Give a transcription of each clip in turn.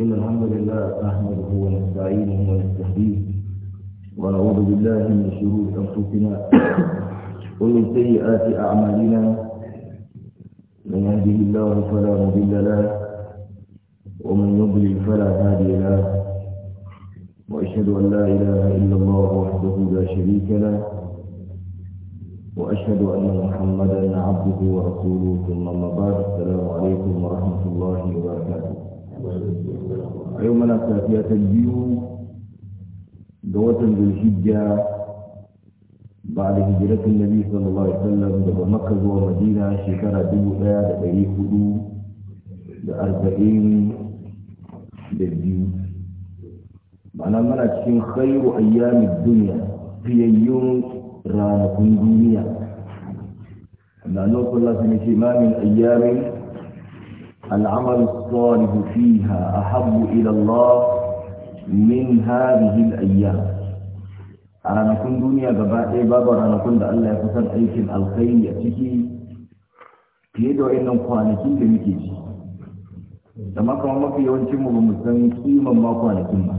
إن الحمد لله نحمده ونستعينه ونستهديه ونعوذ بالله من شرور أنفسنا ومن سيئات أعمالنا من يهده الله فلا مضل له ومن يضلل فلا هادي له وأشهد أن لا إله إلا الله وحده لا شريك له وأشهد أن محمدا عبده ورسوله ثم أما بعد السلام عليكم ورحمة الله وبركاته a yau mana safiya ta biyu ga watan zulhijja ba da hijiratun nabi sallallahu alaihi wasallam daga makka zuwa madina shekara dubu daya da dari hudu da arba'in da biyu ma'ana mana cikin khairu ayyamin duniya fiyayyun ranakun duniya da annabi sallallahu alaihi ce ma min ayyamin العمل الصالح فيها أحب إلى الله من هذه الأيام a ranakun duniya gaba ɗaya babu ranakun da Allah ya kusan aikin alkhairi a ciki fiye da wayannan kwanaki da muke da makama mafi yawancin mu bamu san kiman ma kwanakin ba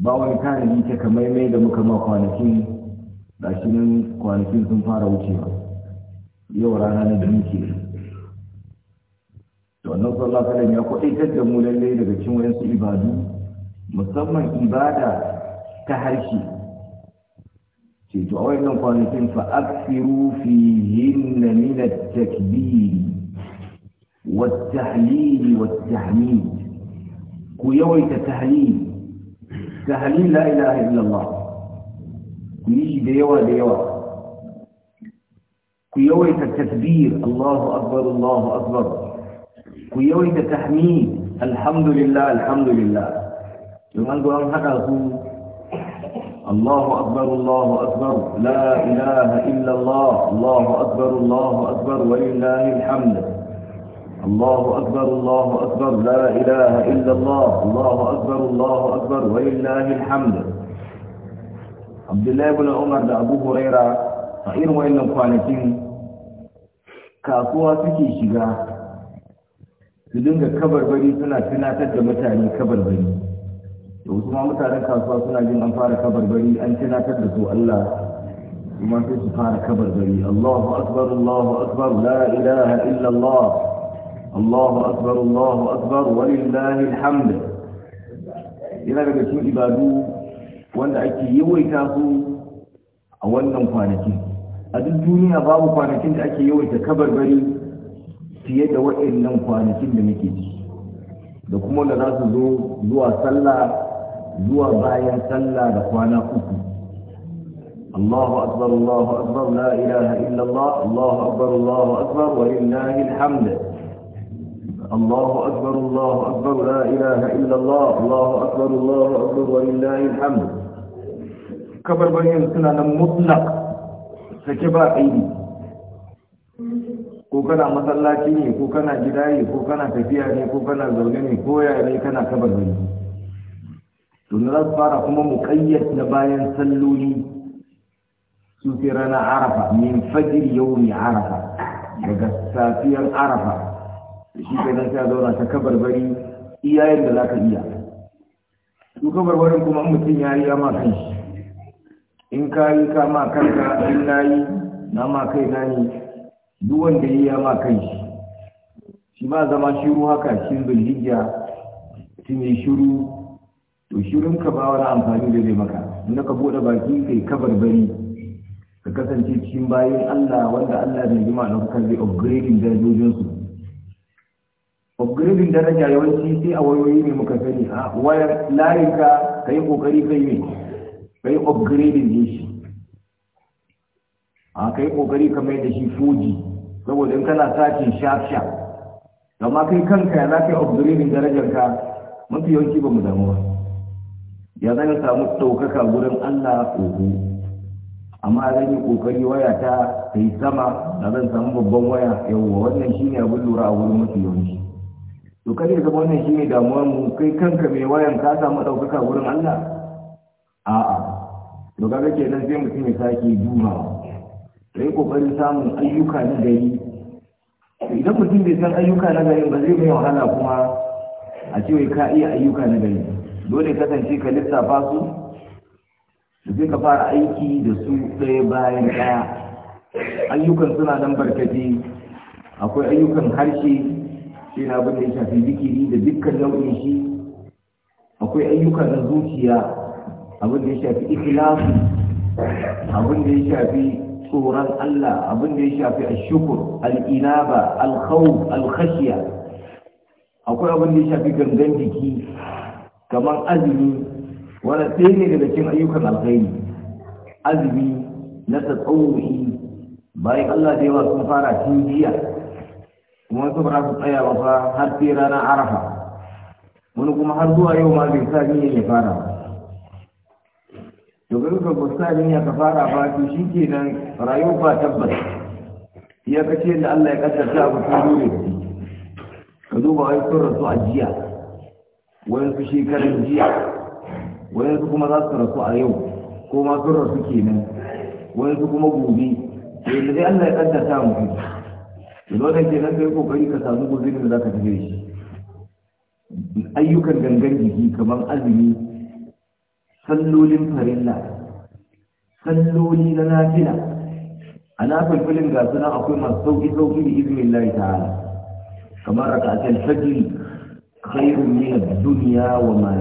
ba wani tanadi ta kamar mai da muka ma kwanakin gashi nan kwanakin sun fara wucewa yau rana na da muke wannan sallah sallallahu alaihi wasallam ya kwadaitar da mu lalle daga cikin wayansu ibadu musamman ibada ta harshe ce to a wayannan kwanakin fa aksiru fihin min at-takbir wat-tahlil wat-tahmid ku yawaita tahlil tahlil la ilaha illallah ku yi da yawa da yawa ku yawaita takbir Allahu akbar Allahu akbar ku yawaita tahmid alhamdulillah alhamdulillah don an zo an hada su Allahu akbar Allahu akbar la ilaha illa Allah Allahu akbar Allahu akbar walillahi alhamd Allahu akbar Allahu akbar la ilaha illa Allah Allahu akbar Allahu akbar walillahi alhamd Abdullahi ibn Umar da Abu Huraira a irin wayannan kwanakin kasuwa suke shiga su dinga kabarbari suna tunatar da mutane kabarbari da wasu ma mutanen kasuwa suna jin an fara kabarbari an tunatar da su Allah kuma sai su fara kabarbari Allahu akbar Allahu akbar la ilaha illa Allah Allahu akbar Allahu akbar walillahi alhamd yana daga cikin ibadu wanda ake yawaita su a wannan kwanakin a duk duniya babu kwanakin da ake yawaita kabarbari fiye da wa'annan kwanakin da muke ji da kuma da za su zo zuwa sallah zuwa bayan sallah da kwana uku الله أكبر الله أكبر لا إله إلا الله الله أكبر الله أكبر ولله الحمد الله أكبر الله أكبر لا إله إلا الله الله أكبر الله أكبر ولله الحمد كبر بني سنة مطلق سكبا عيدي ko kana masallaci ne ko kana gida ne ko kana tafiya ne ko kana zaune ne ko ya ne kana kabar ne to na za fara kuma muƙayyad da bayan salloli su fi rana arafa min fajir yau ne arafa daga safiyar arafa da shi kai nan sai zauna ta kabar bari iyayen da za ka iya su kabarbarin kuma mutum ya yi ma kan shi in ka yi ka kanka in na yi na ma kai na ne duk wanda yi yama kan shi shi ma zama shiru haka shi zulhijja tun yi shiru to shirin ka ba wani amfani da zai maka inda ka bude baki kai kabar bari ka kasance cikin bayan Allah wanda Allah mai jima na kuka zai upgrading darajojinsu upgrading daraja yawanci sai a wayoyi ne muka sani a wayar layinka ka yi kokari kai ne ka yi upgrading ne shi a kai kokari ka mai da shi foji saboda in kana sacin shafsha amma kai kanka ya za ka yi observing darajar ka mafi yawanci ba mu damu ba ya zan samu ɗaukaka gurin Allah oho amma zan yi kokari waya ta ta yi sama da zan samu babban waya yawwa wannan shine abin lura a wurin mafi yawanci to kada ya zama wannan shine damuwar mu kai kanka mai wayan ka samu ɗaukaka gurin Allah a'a to kaga kenan sai mutum ya sake dubawa da yi ƙoƙarin samun ayyuka na gari idan mutum bai san ayyuka na gari ba zai mai wahala kuma a ce ka iya ayyuka na gari dole kasance ka lissafa su da sai ka fara aiki da su ɗaya bayan ɗaya ayyukan suna nan barkate akwai ayyukan harshe shi na abin da ya shafi zikiri da dukkan nau'in shi akwai ayyukan zuciya abin da ya shafi ikilasu abin da ya shafi tsoron Allah abin da ya shafi ashukur al'inaba alkhawf alkhashiya akwai abin da ya shafi gangan jiki kamar azumi wanda ɗaya ne daga cikin ayyukan alkhairi azumi na tsatsauyi bayan Allah da yawa sun fara tun jiya kuma wasu ba su tsaya ba har sai ranar arafa wani kuma har zuwa yau ma bai sa niyyar ya fara ba domin ka gusta ya ka fara ba su shi ke nan rayu ba tabbas ya ce da Allah ya kasarta abu ta dole ka zuba wai sun rasu a jiya wani su shekarun jiya wani su kuma za su rasu a yau ko ma sun rasu nan wani su kuma gobe yanzu dai Allah ya kasarta mu Da ke kenan kai kokari ka samu guzurin da ka tafi shi ayyukan gangan jiki kamar azumi sallolin farilla salloli na nafila a nafilfilin ga suna akwai masu sauƙi sauƙi da izinin lai ta'ala kamar rakatan fajiri khairun min ad-dunya wa ma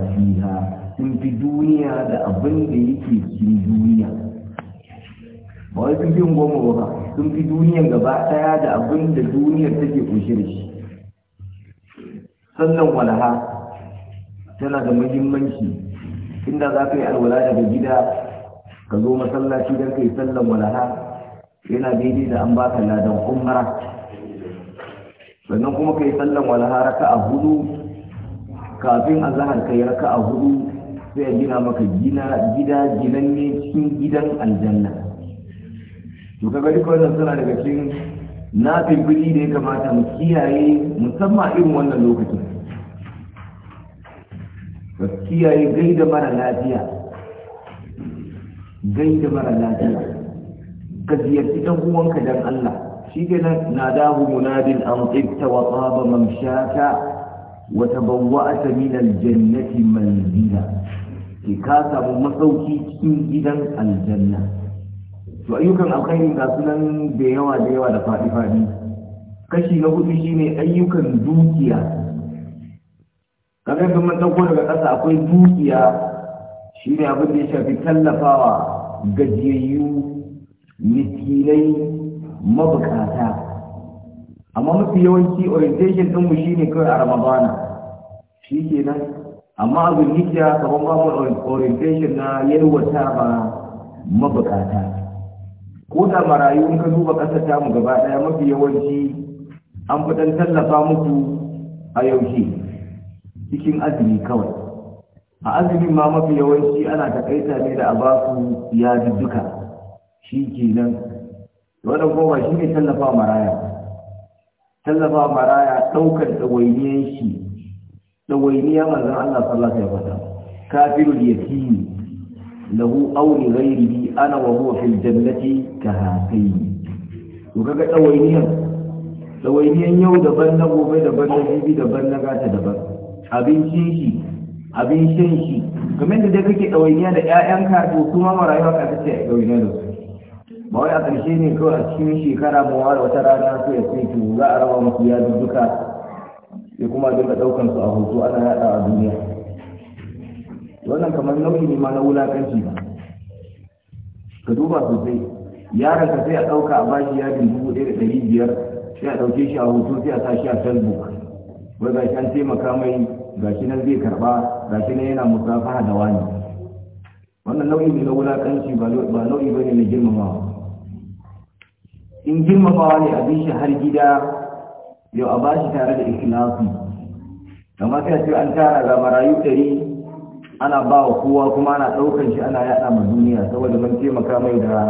sun fi duniya da abin da yake cikin duniya ba wai sun fi goma ba sun fi duniya gaba daya da abin da duniyar take kunshe da shi sannan walaha tana da muhimmanci inda za ka yi alwala daga gida ka zo masallaci don ka yi sallan walaha yana daidai da an baka ladan umara sannan kuma ka yi sallan walaha raka a hudu kafin a zahar ka yi raka a hudu sai a gina maka gida ginan ne cikin gidan aljanna to ka gari kawai suna daga cikin na da ya kamata mu kiyaye musamman irin wannan lokacin ka kiyaye gaida mara lafiya gaida mara lafiya ka ziyarci ɗan uwanka dan Allah shi ke nan na dahu munadin an tsibta wa tsaba mamshaka wa tabawwa'ata min aljannati manzila ki ka samu masauki cikin gidan aljanna to ayyukan alkhairi ga sunan da yawa da yawa da faɗi faɗi kashi na hudu shine ayyukan dukiya kamar yadda mun ɗauko daga ƙasa akwai dukiya shi ne abin da ya shafi tallafawa gajiyayyu miskinai mabukata amma mafi yawanci orientation ɗinmu shi ne kawai a ramadana shi ke nan amma abin nikiya kamar babu orientation na yalwata ba mabukata ko da marayu in ka duba ƙasa mu gaba ɗaya mafi yawanci an fi ɗan tallafa muku a yaushe cikin azumi kawai a azumin ma mafi yawanci ana takaita ne da a ba su ya duka shi ke nan. wannan goma shi ne tallafa maraya tallafa maraya ɗaukar ɗawainiyan shi ɗawainiya manzan Allah sallallahu alaihi wasallam kafirul yatimi lahu aw li ghairihi ana wa huwa fil jannati kahatayn to kaga ɗawainiyan ɗawainiyan yau daban na gobe daban na bibi daban na gata daban abincin shi abin shan shi kamar da dai kake ɗawainiya da 'ya'yanka to kuma marayuwa ka kace a ne da su ba wai a ƙarshe ne kawai a cikin shekara mu ware wata rana ko ya sai ki za a raba musu ya duka Ya kuma dinga ɗaukan su a hoto ana yaɗa a duniya wannan kamar nauyi ne ma na wulakanci ba ka duba sosai yaron ka sai a ɗauka a bashi yadin dubu ɗaya da ɗari biyar sai a ɗauke shi a hoto sai a sa shi a facebook wai gashi an taimaka mai shi nan zai karba shi nan yana musafaha da wani wannan nau'i ne na wulakanci ba nau'i bane na girmamawa in girmamawa ne a bishi har gida yau a bashi tare da islafi kamar sai ce an tara ga marayu ɗari ana ba wa kowa kuma ana ɗaukar shi ana yaɗa ma duniya saboda mun taimaka mai da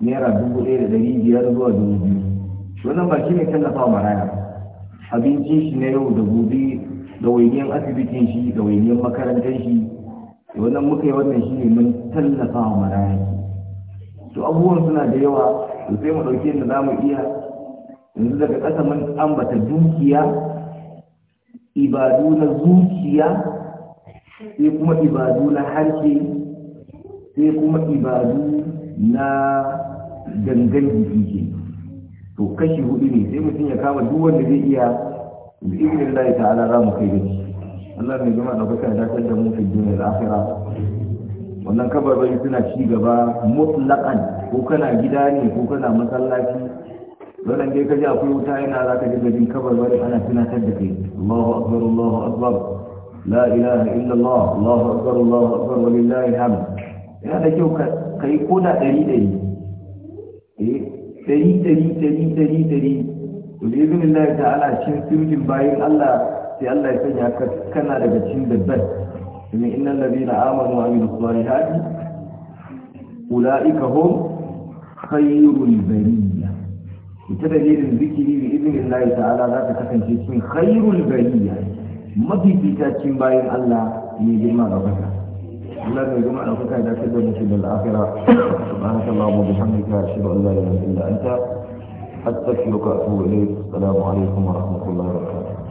naira dubu ɗaya da ɗari biyar zuwa dubu biyu wannan ba shi ne tallafa wa maraya abincin shi na yau da gobe da wainiyar asibitin shi da wainiyar makarantar shi da wannan muka yi wannan shi ne mun tallafa wa maraya to abubuwan suna da yawa to sai mu ɗauke da za mu iya yanzu daga ƙasa mun ambata dukiya ibadu na zuciya sai kuma ibadu na harshe sai kuma ibadu na gangan jiki to kashi hudu ne sai mutum ya kama duk wanda zai iya bi izinin Allah ta'ala za mu kai gaci Allah mai gama da ya dakar da mu fi duniyar akhira wannan bai suna ci gaba mutlaqan ko kana gida ne ko kana masallaci wannan dai ji akwai wuta yana za ka ji gajin bai ana tunatar da kai Allahu akbar Allahu akbar la ilaha illa Allah Allahu akbar Allahu akbar walillahi hamd yana da kyau kai ko da ɗari ɗari eh Dari dari dari dari dari to da izinin Allah ta'ala cin sirrin bayan Allah sai Allah ya sanya ka kana daga cin dabbar domin innal ladina amanu wa amilus salihati ulaika hum khairul bariyya ita dalilin zikiri bi izinin Allah ta'ala za ta kasance cikin khairul bariyya mafi fitacin bayan Allah ne girma ga baka الله يجمع نفسك إذا كنت نشيد الآخرة سبحانك اللهم وبحمدك أشهد أن لا إله إلا أنت أستغفرك وأتوب إليك السلام عليكم ورحمة الله وبركاته